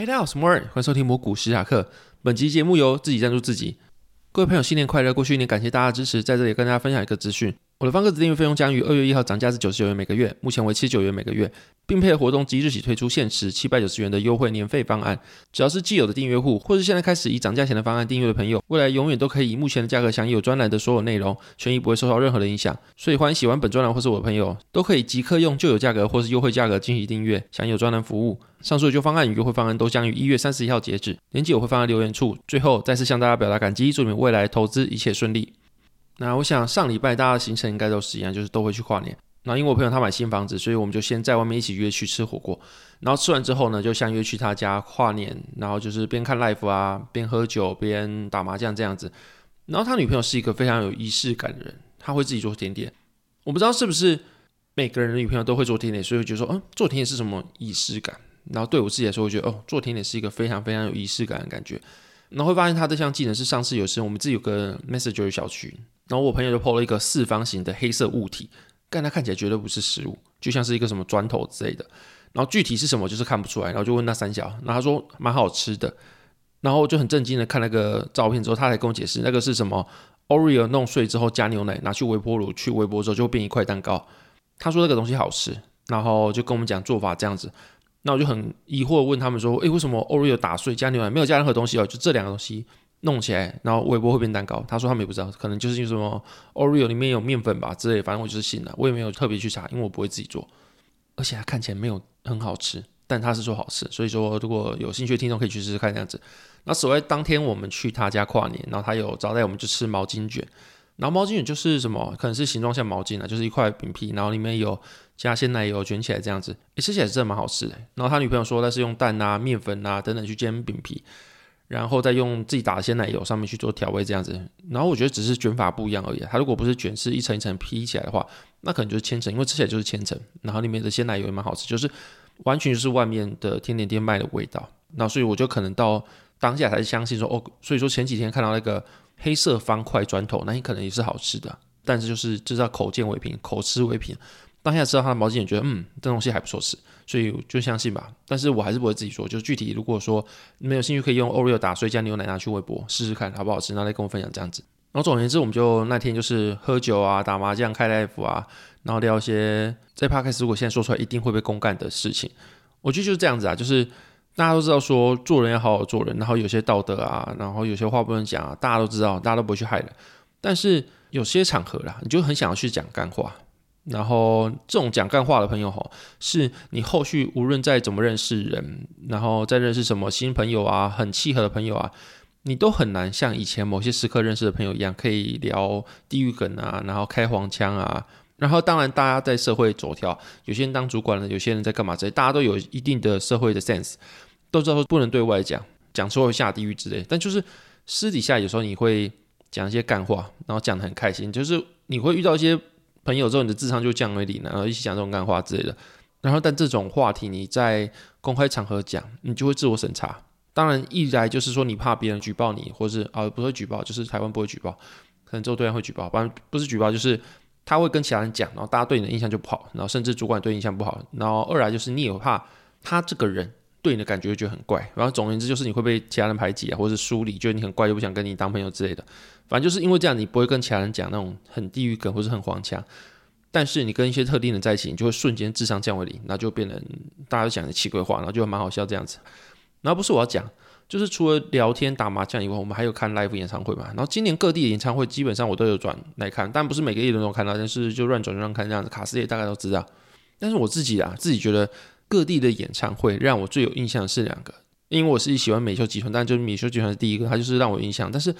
Hey，大家好，我是摩爾，歡迎收聽摩股史塔克。本集節目由自己贊助自己。各位朋友，新年快樂！過去一年感謝大家的支持，在這裡跟大家分享一個資訊。我的方格子訂閱費用將於二月一號漲價至九十九元每個月，目前為七十九元每個月，並配合活動即日起推出限時七百九十元的優惠年費方案。只要是既有的訂閱戶，或是現在開始以漲價前的方案訂閱的朋友，未來永遠都可以以目前的價格享有專欄的所有內容，權益不會受到任何的影響。所以歡迎喜歡本專欄或是我的朋友，都可以即刻用舊有價格或是優惠價格進行訂閱，享有專欄服務。上述的舊方案與優惠方案都將於一月三十一號截止，連結我會放在留言處。最後再次向大家表達感激，祝你們未來投資一切順利。那我想上禮拜大家的行程應該都是一樣，就是都會去跨年。那因為我朋友他買新房子，所以我們就先在外面一起約去吃火鍋。然後吃完之後呢，就相約去他家跨年。然後就是邊看 live 啊，邊喝酒，邊打麻將這樣子。然後他女朋友是一個非常有儀式感的人，他會自己做甜點。我不知道是不是每個人的女朋友都會做甜點，所以就說嗯，做甜點是什麼儀式感？然後對我自己來說，我覺得哦，做甜點是一個非常非常有儀式感的感覺。然後會發現他這項技能是上次有次我們自己有個 message 就有小群。然後我朋友就 po 了一個四方形的黑色物體，但它看起來絕對不是食物，就像是一個什麼磚頭之類的。然後具體是什麼，就是看不出來。然後就問那三小，那他說蠻好吃的。然後我就很震驚的看那個照片之後，他才跟我解釋那個是什麼。Oreo 弄碎之後加牛奶，拿去微波爐去微波之後就變一塊蛋糕。他說那個東西好吃，然後就跟我們講做法這樣子。那我就很疑惑地問他們說，誒，為什麼 Oreo 打碎加牛奶沒有加任何東西哦？就這兩個東西。弄起來，然後微波會變蛋糕。他說他們也不知道，可能就是因為什麼 Oreo 裡面有麵粉吧之類。反正我就是信了，我也沒有特別去查，因為我不會自己做，而且他看起來沒有很好吃。但他是說好吃，所以說如果有興趣的聽眾可以去試試看這樣子。那所謂當天我們去他家跨年，然後他有招待我們，就吃毛巾卷。然後毛巾卷就是什麼，可能是形狀像毛巾啊，就是一塊餅皮，然後裡面有加鮮奶油卷起來這樣子，欸、吃起來是真的蠻好吃的。然後他女朋友說那是用蛋啊、麵粉啊等等去煎餅皮。然後再用自己打的鮮奶油上面去做調味這樣子，然後我覺得只是捲法不一樣而已。它如果不是捲是一層一層披起來的話，那可能就是千層，因為吃起來就是千層。然後裡面的鮮奶油也蠻好吃，就是完全就是外面的甜點店賣的味道。那所以我就可能到當下還是相信說，哦，所以說前幾天看到那個黑色方塊磚頭，那你可能也是好吃的，但是就是就是口見為憑，口吃為憑。當下知道他的毛巾也覺得嗯，這東西還不錯吃，所以就相信吧。但是我還是不會自己說，就是具體，如果說你們有興趣，可以用 oreo 打碎加牛奶拿去微波試試看，好不好吃？然後再跟我分享這樣子。然後總而言之，我們就那天就是喝酒啊，打麻將，開 live 啊，然後聊一些在 Podcast，如果現在說出來一定會被公幹的事情。我覺得就是這樣子啊，就是大家都知道說做人要好好做人，然後有些道德啊，然後有些話不能講啊，大家都知道，大家都不會去害人。但是有些場合啦，你就很想要去講幹話。然後這種講幹話的朋友哈，是你後續無論再怎麼認識人，然後再認識什麼新朋友啊，很契合的朋友啊，你都很難像以前某些時刻認識的朋友一樣，可以聊地獄梗啊，然後開黃腔啊。然後當然大家在社會走跳，有些人當主管了，有些人在幹嘛之類，大家都有一定的社會的 sense，都知道說不能對外講，講錯會下地獄之類。但就是私底下有時候你會講一些幹話，然後講的很開心，就是你會遇到一些朋友之後，你的智商就降為零，然後一起講這種幹話之類的。然後，但這種話題你在公開場合講，你就會自我審查。當然，一來就是說你怕別人舉報你，或是啊、哦、不會舉報，就是台灣不會舉報，可能之後對方會舉報，不然不是舉報就是他會跟其他人講，然後大家對你的印象就不好，然後甚至主管對你印象不好。然後二來就是你也怕他這個人。對你的感覺就覺得很怪，然後總而言之就是你會被其他人排擠啊，或者是疏離，覺得你很怪，又不想跟你當朋友之類的。反正就是因為這樣，你不會跟其他人講那種很地獄梗或者很黃腔。但是你跟一些特定的人在一起，你就會瞬間智商降為零，然後就變成大家都講的奇怪話，然後就蠻好笑這樣子。然後不是我要講，就是除了聊天打麻將以外，我們還有看 live 演唱會嘛。然後今年各地的演唱會基本上我都有轉來看，但不是每個藝人我都看，但是就亂轉亂看這樣子，卡斯也大概都知道。但是我自己啊，自己覺得。各地的演唱會讓我最有印象是兩個，因為我是喜歡美秀集團，但就是美秀集團是第一個，他就是讓我印象，但是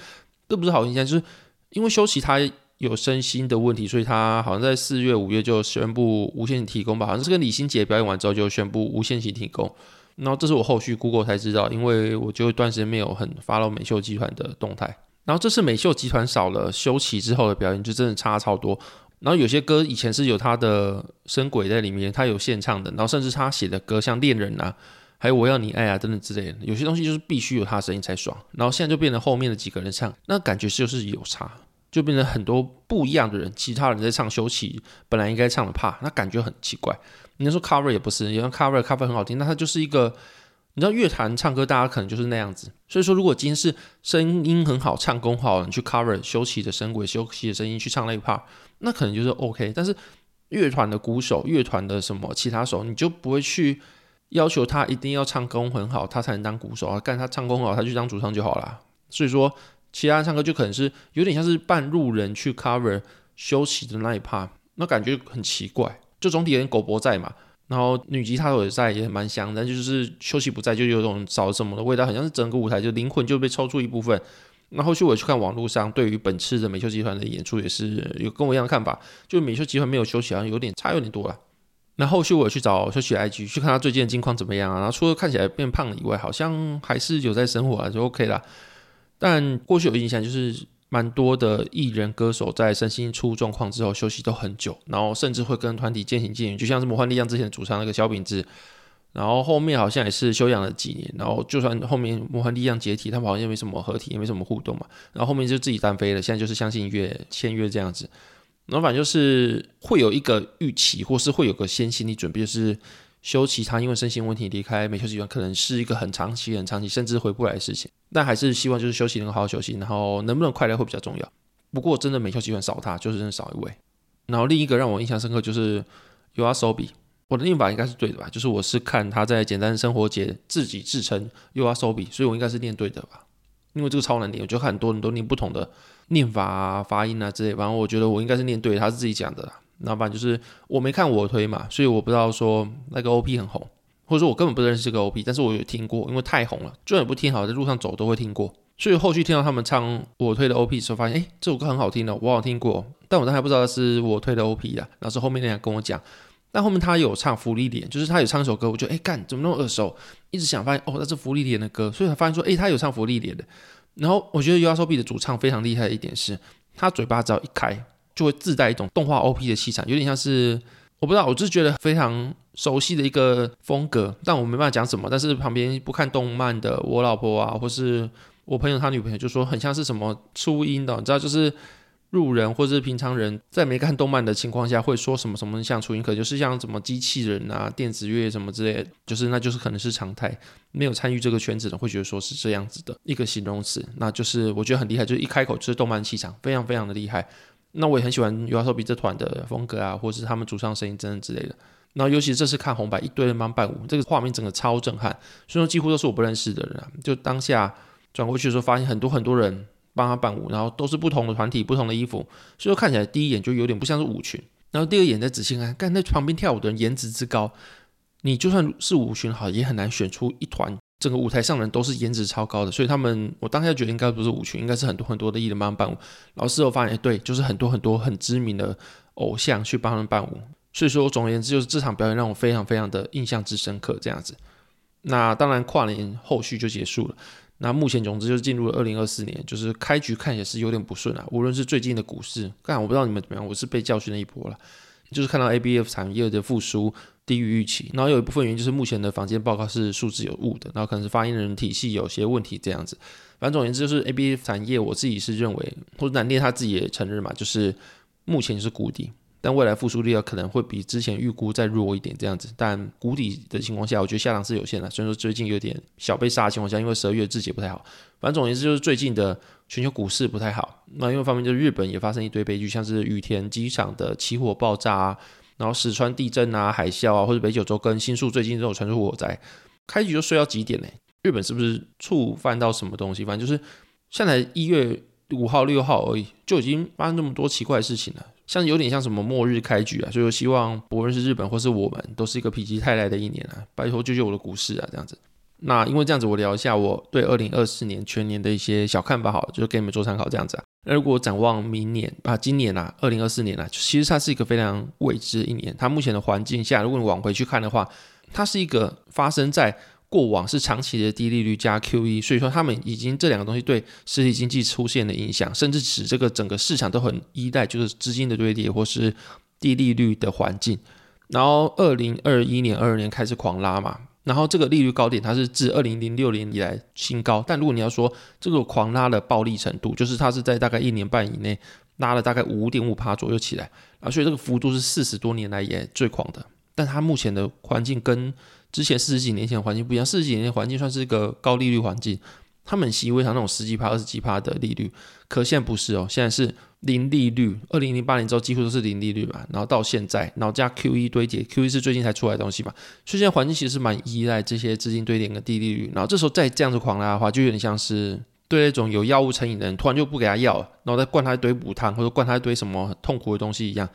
都不是好印象，就是因為修齊他有身心的問題，所以他好像在四月、五月就宣布無限期停工吧，好像是跟李心潔表演完之後就宣布無限期停工。然後這是我後續 Google 才知道，因為我就一段時間沒有很 follow 美秀集團的動態。然後這次美秀集團少了修齊之後的表演，就真的差超多。然後有些歌以前是有他的聲軌在裡面，他有現唱的，然後甚至他寫的歌像《戀人》啊，還有《我要你愛》啊，真的之類的，有些東西就是必須有他的聲音才爽。然後現在就變成後面的幾個人唱，那感覺就是有差，就變成很多不一樣的人，其他人在唱休息。休奇本來應該唱的怕，那感覺很奇怪。你說 Cover 也不是，因為 Cover Cover 很好聽，那他就是一個。你知道樂團唱歌，大家可能就是那樣子。所以說，如果今天是聲音很好、唱功好，你去 cover 休息的聲軌，休息的聲音去唱那一 part，那可能就是 OK。但是樂團的鼓手、樂團的什麼其他手，你就不會去要求他一定要唱功很好，他才能當鼓手啊？幹他唱功好，他去當主唱就好啦。所以說，其他人唱歌就可能是有點像是半路人去 cover 休息的那一 part，那感覺很奇怪。就總體有點狗博在嘛。然後女吉他手也在也蠻香，但就是休息不在，就有種少什麼的味道，好像是整個舞台就靈魂就被抽出一部分。那後，後續我去看網絡上對於本次的美秀集團的演出也是有跟我一樣的看法，就美秀集團沒有休息好像有點差有點多了。那後，後續我去找休息 IG 去看他最近的近況怎麼樣啊？然後除了看起來變胖了以外，好像還是有在生活啊，就 OK 啦。但過去有印象就是。蠻多的藝人歌手在身心出狀況之後休息都很久，然後甚至會跟團體漸行漸遠，就像是魔幻力量之前主唱那個蕭秉治，然後後面好像也是休養了幾年，然後就算後面魔幻力量解體，他們好像也沒什麼合體，也沒什麼互動嘛，然後後面就自己單飛了，現在就是相信音樂簽約這樣子，那反正就是會有一個預期，或是會有個先行的準備，就是。修齊他因為身心問題離開美秀集團，可能是一個很長期、很長期，甚至回不來的事情。但還是希望就是休息能夠好好休息，然後能不能快樂會比較重要。不過真的美秀集團少他，就是真的少一位。然後另一個讓我印象深刻就是 YOASOBI，我的念法應該是對的吧？就是我是看他在簡單生活節自己自稱 YOASOBI，所以我應該是念對的吧？因為這個超難念，我覺得很多人都念不同的念法、發音啊之類的。反正我覺得我應該是念對，他是自己講的啦。老闆就是我沒看我推嘛，所以我不知道說那個 OP 很紅，或者說我根本不認識這個 OP，但是我有聽過，因為太紅了，就算不聽好，在路上走都會聽過。所以後續聽到他們唱我推的 OP 的時候，發現哎、欸、這首歌很好聽的、喔，我好聽過，但我當時還不知道是我推的 OP 啊，然後後面那倆跟我講，但後面他有唱芙莉蓮，就是他有唱一首歌，我覺得哎幹怎麼那麼耳熟，一直想發現哦那是芙莉蓮的歌，所以他發現說哎、欸、他有唱芙莉蓮的。然後我覺得 YOASOBI 的主唱非常厲害的一點是，他嘴巴只要一開。就會自帶一種動畫 OP 的氣場，有點像是我不知道，我就覺得非常熟悉的一個風格。但我沒辦法講什麼，但是旁邊不看動漫的我老婆啊，或是我朋友他女朋友就說很像是什麼初音的，你知道，就是路人或者是平常人，在沒看動漫的情況下會說什麼什麼，像初音可就是像什麼機器人啊、電子樂什麼之類的，就是那就是可能是常態。沒有參與這個圈子的會覺得說是這樣子的一個形容詞，那就是我覺得很厲害，就是一開口就是動漫氣場，非常非常的厲害。那我也很喜歡 YOASOBI 這團的風格啊，或者是他們主唱聲音真的之類的。然後，尤其這是這次看紅白一堆人幫伴舞，這個畫面整個超震撼。所以說，幾乎都是我不認識的人，啊。就當下轉過去的時候，發現很多很多人幫他伴舞，然後都是不同的團體、不同的衣服，所以說看起來第一眼就有點不像是舞群。然後第二眼再仔細看，幹那旁邊跳舞的人顏值之高，你就算是舞群好，也很難選出一團。整個舞台上的人都是顏值超高的，所以他們，我當下覺得應該不是舞群，應該是很多很多的藝人幫他伴舞。然後事後發現，誒，對，就是很多很多很知名的偶像去幫他們伴舞。所以說，總而言之，就是這場表演讓我非常非常的印象之深刻，這樣子。那當然，跨年後續就結束了。那目前總之就是進入了二零二四年，就是開局看也是有點不順啊。無論是最近的股市，當然我不知道你們怎麼樣，我是被教訓了一波了，就是看到 A B F 產業的復甦。低於預期，然後有一部分原因就是目前的房間報告是數字有誤的，然後可能是發言人體系有些問題這樣子。反正總言之，就是 ABF 產業，我自己是認為，或者南電他自己也承認嘛，就是目前是谷底，但未來復甦率啊可能會比之前預估再弱一點這樣子。但谷底的情況下，我覺得下漲是有限的。雖然說最近有點小被殺的情況下，因為十二月自己不太好。反正總言之，就是最近的全球股市不太好。那另外方面，就是日本也發生一堆悲劇，像是羽田機場的起火爆炸啊。然後石川地震啊、海嘯啊，或者北九州跟新宿最近都有傳出火災，開局就衰到幾點嘞？日本是不是觸犯到什麼東西？反正就是現在一月五號、六號而已，就已經發生這麼多奇怪的事情了，像有點像什麼末日開局啊！所以我希望不論是日本或是我們，都是一個否極泰來的一年啊！拜托救救我的股市啊！這樣子，那因為這樣子我聊一下我對二零二四年全年的一些小看法，好，就是給你們做參考，這樣子啊。那如果展望明年啊，今年啊，二零二四年啊，其實它是一個非常未知的一年。它目前的環境下，如果你往回去看的話，它是一個發生在過往是長期的低利率加 QE，所以說他們已經這兩個東西對實體經濟出現的影響，甚至使這個整個市場都很依賴就是資金的堆疊或是低利率的環境。然後二零二一年、二二年開始狂拉嘛。然後這個利率高點，它是自二零零六年以來新高。但如果你要說這個狂拉的暴力程度，就是它是在大概一年半以內拉了大概五點五趴左右起來，啊，所以這個幅度是四十多年來也最狂的。但它目前的環境跟之前四十幾年前的環境不一樣，四十幾年前環境算是一個高利率環境，他們習以為常那種十幾趴、二十幾趴的利率，可現在不是哦，現在是。零利率，二零零八年之後幾乎都是零利率嘛，然後到現在，然後加 QE 堆疊，QE 是最近才出來的東西嘛，所以現在環境其實是蠻依賴這些資金堆疊跟低利率，然後這時候再這樣子狂拉的話，就有點像是對那種有藥物成癮的人突然就不給他藥了，然後再灌他一堆補湯或者灌他一堆什麼很痛苦的東西一樣，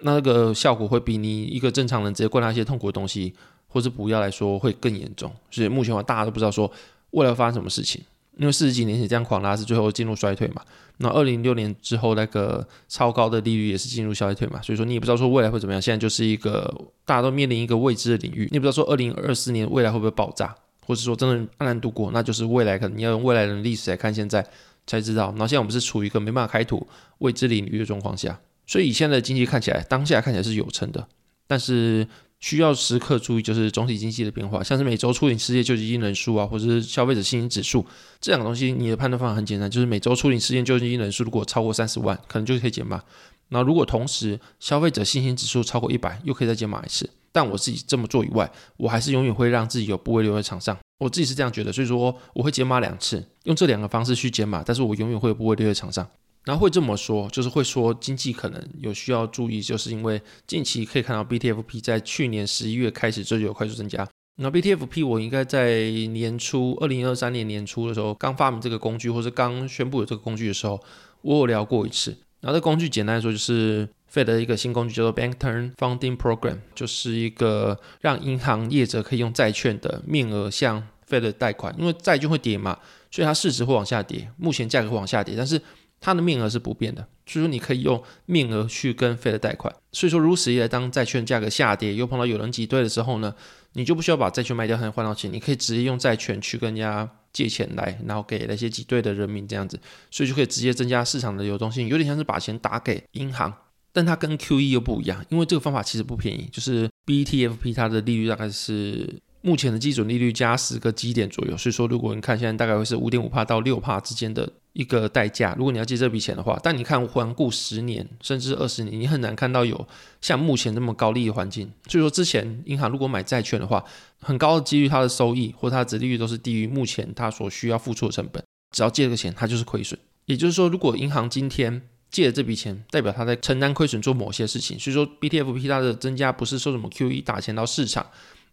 那那個效果會比你一個正常人直接灌他一些痛苦的東西或是補藥來說會更嚴重，所以目前的話大家都不知道說未來發生什麼事情。因為四十幾年前這樣狂拉是最後進入衰退嘛。那二零零六年之後那個超高的利率也是進入衰退嘛。所以說你也不知道說未來會怎麼樣，現在就是一個大家都面臨一個未知的領域。你也不知道說二零二四年未來會不會爆炸，或者是說真的安然度過？那就是未來可能你要用未來的歷史來看現在，才知道。那現在我們是處於一個沒辦法開拓未知領域的狀況下，所以以現在的經濟看起來當下看起來是有成的，但是，需要時刻注意就是總體經濟的變化，像是每周初領失業救濟金人數啊，或者是消費者信心指數這兩個東西。你的判斷方法很簡單，就是每周初領失業救濟金人數如果超過三十萬，可能就可以減碼。那如果同時消費者信心指數超過一百，又可以再減碼一次。但我自己這麼做以外，我還是永遠會讓自己有部位留在場上。我自己是這樣覺得，所以說我會減碼兩次，用這兩個方式去減碼，但是我永遠會有部位留在場上。然後會這麼說，就是會說經濟可能有需要注意，就是因為近期可以看到 BTFP 在去年十一月開始就有快速增加。那 BTFP 我應該在年初二零二三年年初的時候剛發明這個工具，或是剛宣布有這個工具的時候，我有聊過一次。然後這個工具簡單來說就是 Fed 的一個新工具，叫做 Bank Term Funding Program，就是一個讓銀行業者可以用債券的面額向 Fed 貸款，因為債券會跌嘛，所以它市值會往下跌，目前價格會往下跌，但是。它的面額是不變的，所以說你可以用面額去跟 Fed 貸款。所以說，如此一來，當債券價格下跌，又碰到有人擠兌的時候呢，你就不需要把債券賣掉還能換到錢，你可以直接用債券去跟人家借錢來，然後給那些擠兌的人民這樣子，所以就可以直接增加市場的流動性，有點像是把錢打給銀行，但它跟 QE 又不一樣，因為這個方法其實不便宜，就是 BTFP 它的利率大概是。目前的基準利率加十個基點左右，所以說，如果你看現在大概會是五點五帕到六帕之間的一個代價。如果你要借這筆錢的話，但你看環顧十年甚至二十年，你很難看到有像目前這麼高利益環境。所以說之前銀行如果買債券的話，很高的幾率它的收益或它的殖利率都是低於目前它所需要付出的成本。只要借這個錢，它就是虧損。也就是說，如果銀行今天借了這筆錢，代表它在承擔虧損做某些事情。所以說 BTFP 它的增加不是說什麼 QE 打錢到市場。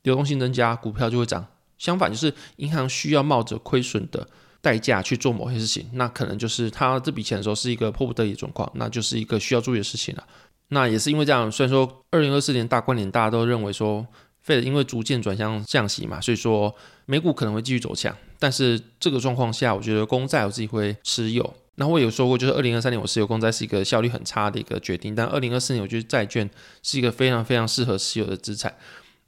流動性增加，股票就會漲。相反，就是銀行需要冒着虧損的代價去做某些事情，那可能就是他這筆錢的時候是一個迫不得已的狀況，那就是一個需要注意的事情了、啊。那也是因為這樣，雖然說二零二四年大觀點大家都認為說費 e 因為逐漸轉向降息嘛，所以說美股可能會繼續走強。但是這個狀況下，我覺得公債我自己會持有。那我也有說過，就是二零二三年我持有公債是一個效率很差的一個決定，但二零二四年我覺得債券是一個非常非常適合持有的資產。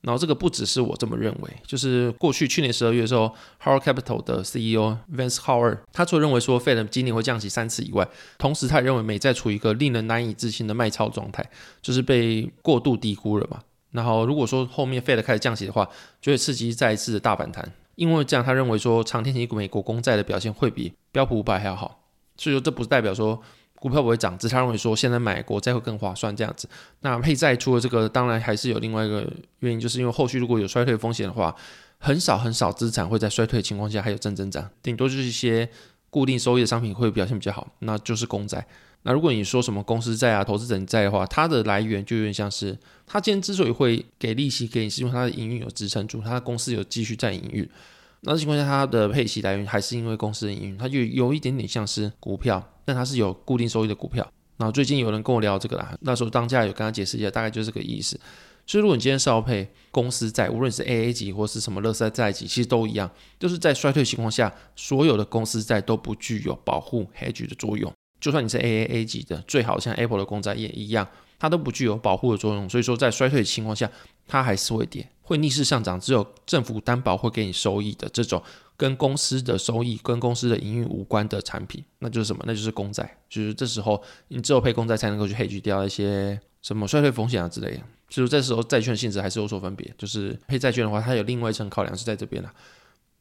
然後這個不只是我這麼認為，就是過去去年十二月的時候，Howard Capital 的 CEO Vance Howard，他除了認為說 Fed 今年會降息三次以外，同時他也認為美債處於一個令人難以置信的賣超狀態，就是被過度低估了嘛。然後如果說後面 Fed 開始降息的話，就會刺激再一次的大反彈，因為這樣，他認為說長天期美國公債的表現會比標普五百還要好，所以說這不是代表說。股票不會漲，只是他認為說現在買國債會更划算這樣子。那配債除了這個，當然還是有另外一個原因，就是因為後續如果有衰退風險的話，很少很少資產會在衰退的情況下還有正增長，頂多就是一些固定收益的商品會表現比較好，那就是公債。那如果你說什麼公司債啊、投資人債的話，它的來源就有點像是，它今天之所以會給利息給你，是因為它的營運有支撐住，它的公司有繼續在營運，那這情況下它的配息來源還是因為公司的營運，它就有一點點像是股票。但它是有固定收益的股票，然後最近有人跟我聊這個啦，那時候當家有跟他解釋一下，大概就是這個意思。所以如果你今天是要配公司債，無論是 AA 級或是什麼垃圾債級，其實都一樣，就是在衰退情況下，所有的公司債都不具有保護 hedge 的作用，就算你是 AAA 級的，最好像 Apple 的公債也一樣，它都不具有保護的作用。所以說在衰退的情況下，它還是會跌，會逆勢上漲。只有政府擔保會給你收益的這種。跟公司的收益，跟公司的營運無關的產品，那就是什麼？那就是公債。就是這時候，你只有配公債才能夠去 hedge 掉一些什麼衰退風險啊之類的。就是這時候，債券性質還是有所分別。就是配債券的話，它有另外一層考量是在這邊的啊。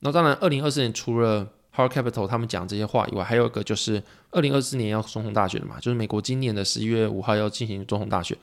那當然，二零二四年除了 Hard Capital 他們講這些話以外，還有一個就是二零二四年要總統大選的嘛，就是美國今年的十一月五號要進行總統大選。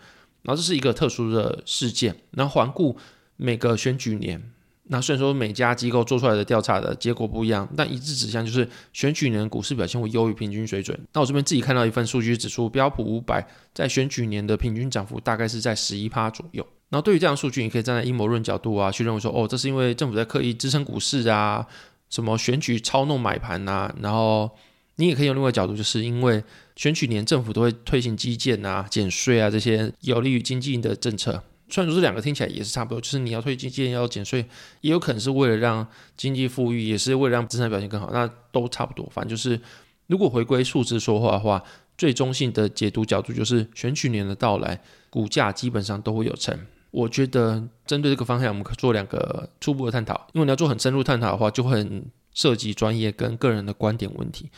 然後這是一個特殊的事件。然後環顧每個選舉年。那雖然說每家機構做出來的調查的結果不一樣，但一致指向就是選舉年股市表現會優於平均水準。那我這邊自己看到一份數據，指數標普五百在選舉年的平均漲幅大概是在十一趴左右。然後對於這樣數據，你可以站在陰謀論角度啊，去認為說，哦，這是因為政府在刻意支撐股市啊，什麼選舉操弄買盤啊。然後你也可以用另外一個角度，就是因為選舉年政府都會推行基建啊、減稅啊這些有利於經濟的政策。雖然說這兩個聽起來也是差不多，就是你要退金，要減稅，也有可能是為了讓經濟富裕，也是為了讓資產表現更好，那都差不多。反正就是，如果回歸數字說話的話，最中性的解讀角度就是選舉年的到來，股價基本上都會有成。我覺得針對這個方向，我們可以做兩個初步的探討。因為你要做很深入探討的話，就很涉及專業跟個人的觀點問題。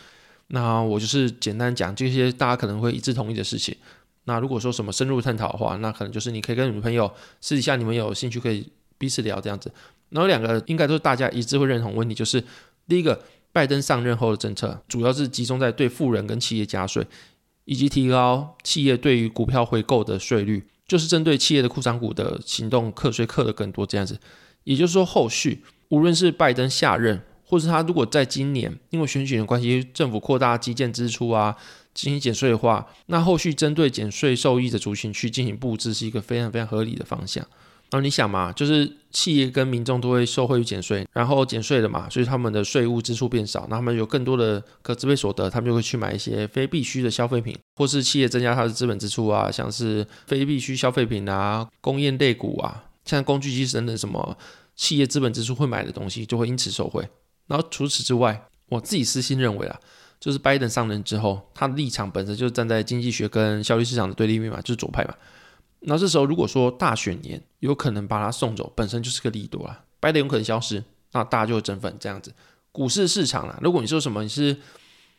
那我就是簡單講這些大家可能會一致同意的事情。那如果說什麼深入探討的話，那可能就是你可以跟你朋友私底下，你們有興趣可以彼此聊這樣子。然後兩個應該都是大家一致會認同問題，就是第一個，拜登上任後的政策主要是集中在對富人跟企業加稅，以及提高企業對於股票回購的稅率，就是針對企業的庫藏股的行動課稅課的更多這樣子。也就是說，後續無論是拜登下任，或是他如果在今年因為選舉的關係，政府擴大基建支出啊。進行減稅的話，那後續針對減稅受益的族群去進行佈置，是一個非常非常合理的方向。然後你想嘛，就是企業跟民眾都會受惠於減稅，然後減稅了嘛，所以他們的稅務支出變少，那他們有更多的可支配所得，他們就會去買一些非必需的消費品，或是企業增加它的資本支出啊，像是非必需消費品啊、工業類股啊，像工具機等等什麼，企業資本支出會買的東西，就會因此受惠。然後除此之外，我自己私心認為啊。就是拜登上任之後，他的立場本身就站在經濟學跟效率市場的對立面嘛，就是左派嘛。那這時候如果說大選年有可能把他送走，本身就是個利多啦。拜登有可能消失，那大家就會振奮這樣子。股市市場啦、啊，如果你說什麼你是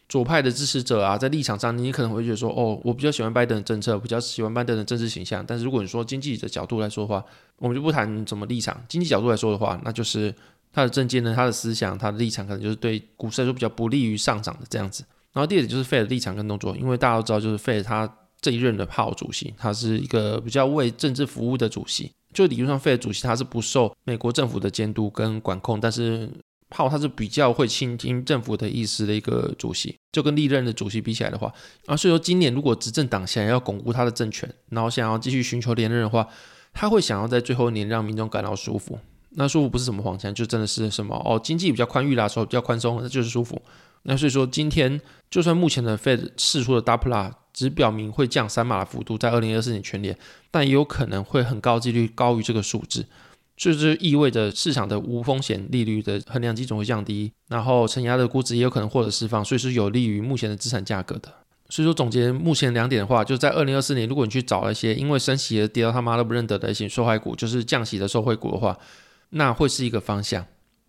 左派的支持者啊，在立場上你可能會覺得說，哦，我比較喜歡拜登的政策，比較喜歡拜登的政治形象。但是如果你說經濟的角度來說的話，我們就不談什麼立場。經濟角度來說的話，那就是。他的政見呢，他的思想，他的立場，可能就是對股市來說比較不利於上漲的這樣子。然後第二點就是 Fed 的立場跟動作，因為大家都知道，就是 Fed 他這一任的 Powell 主席，他是一個比較為政治服務的主席。就理論上，Fed 主席他是不受美國政府的監督跟管控，但是 Powell 他是比較會傾聽政府的意思的一個主席。就跟歷任的主席比起來的話，然後所以說今年如果執政黨想要鞏固他的政權，然後想要繼續尋求連任的話，他會想要在最後一年讓民眾感到舒服。那舒服不是什麼黃金，就真的是什麼哦，經濟比較寬裕啦，所以比較寬鬆，那就是舒服。那所以說，今天就算目前的 Fed 釋出的 dot plot 只表明會降三碼的幅度在二零二四年全年，但也有可能會很高幾率高於這個數字。所以這就意味着市場的無風險利率的衡量基準會降低，然後承壓的估值也有可能獲得釋放，所以是有利於目前的資產價格的。所以說總結目前兩點的話，就在二零二四年，如果你去找一些因為升息而跌到他媽都不認得的一些受害股，就是降息的受惠股的話，那會是一個方向。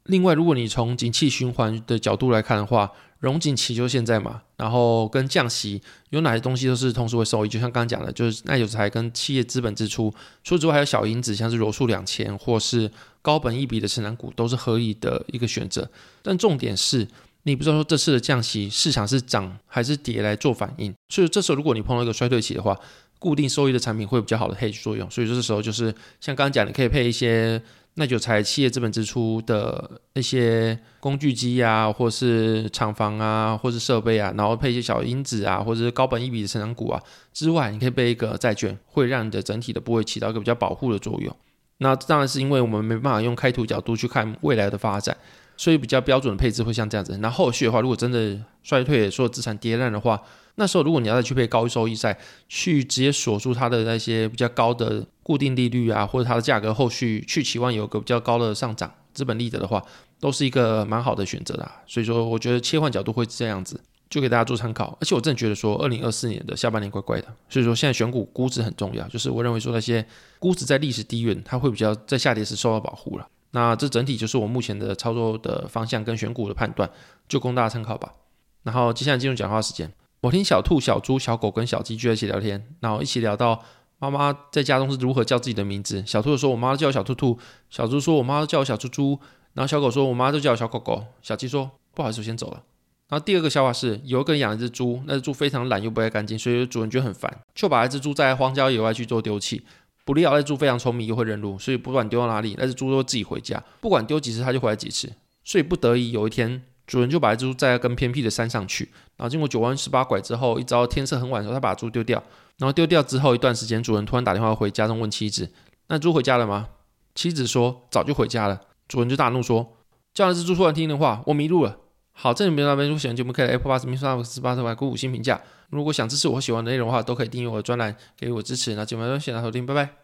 另外，如果你從景氣循環的角度來看的話，榮景期就現在嘛，然後跟降息有哪些東西都是同時會受益。就像剛剛講的，就是耐久財跟企業資本支出，除此之外還有小銀子，像是羅素兩千或是高本益比的成長股，都是可以的一個選擇。但重點是你不知道說這次的降息市場是漲還是跌來做反應，所以這時候如果你碰到一個衰退期的話，固定收益的產品會有比較好的 hedge 作用。所以這時候就是像剛剛講，你可以配一些。那就才企業資本支出的那些工具機啊，或是廠房啊，或是設備啊，然後配一些小因子啊，或者是高本益比的成長股啊之外，你可以配一個債券，會讓你的整體的部位起到一個比較保護的作用。那當然是因為我們沒辦法用開圖角度去看未來的發展，所以比較標準的配置會像這樣子。那後，後續的話，如果真的衰退，所有資產跌爛的話，那時候如果你要再去配高收益債，去直接鎖住它的那些比較高的。固定利率啊，或者它的價格後續去期望有個比較高的上漲，資本利得的話，都是一個蠻好的選擇的啊。所以說，我覺得切換角度會是這樣子，就給大家做參考。而且我真的覺得說，二零二四年的下半年怪怪的。所以說，現在選股估值很重要，就是我認為說那些估值在歷史低點，它會比較在下跌時受到保護了。那這整體就是我目前的操作的方向跟選股的判斷，就供大家參考吧。然後接下來進入笑話時間，我聽小兔、小豬、小狗跟小雞聚在一起聊天，然後一起聊到。媽媽在家中是如何叫自己的名字？小兔子說：“我媽叫我小兔兔。”小豬說：“我媽叫我小豬豬。”然後小狗說：“我媽都叫我小狗狗。”小雞說：“不好意思，我先走了。”然後第二個笑話是：有一個人養了一隻豬，那隻豬非常懶又不愛乾淨，所以主人覺得很煩，就把那隻豬在荒郊野外去做丟棄。不料那隻豬非常聰明，又會認路，所以不管丟到哪裡，那隻豬都會自己回家。不管丟幾次，它就回來幾次。所以不得已，有一天。主人就把一隻豬載到更偏僻的山上去，然後經過九彎十八拐之後，一朝天色很晚的時候，他把豬丟掉。然後丟掉之後一段時間，主人突然打電話回家中問妻子：“那豬回家了嗎？”妻子說：“早就回家了。”主人就大怒說：“叫那隻豬出來聽的話，我迷路了。”好，這裡沒有邊，如果喜歡節目可以 Apple Podcast、Spotify、MixerBox，來給五星評價。如果想支持我喜歡的內容的話，都可以訂閱我的專欄，給我支持。那今晚就先來收聽，拜拜。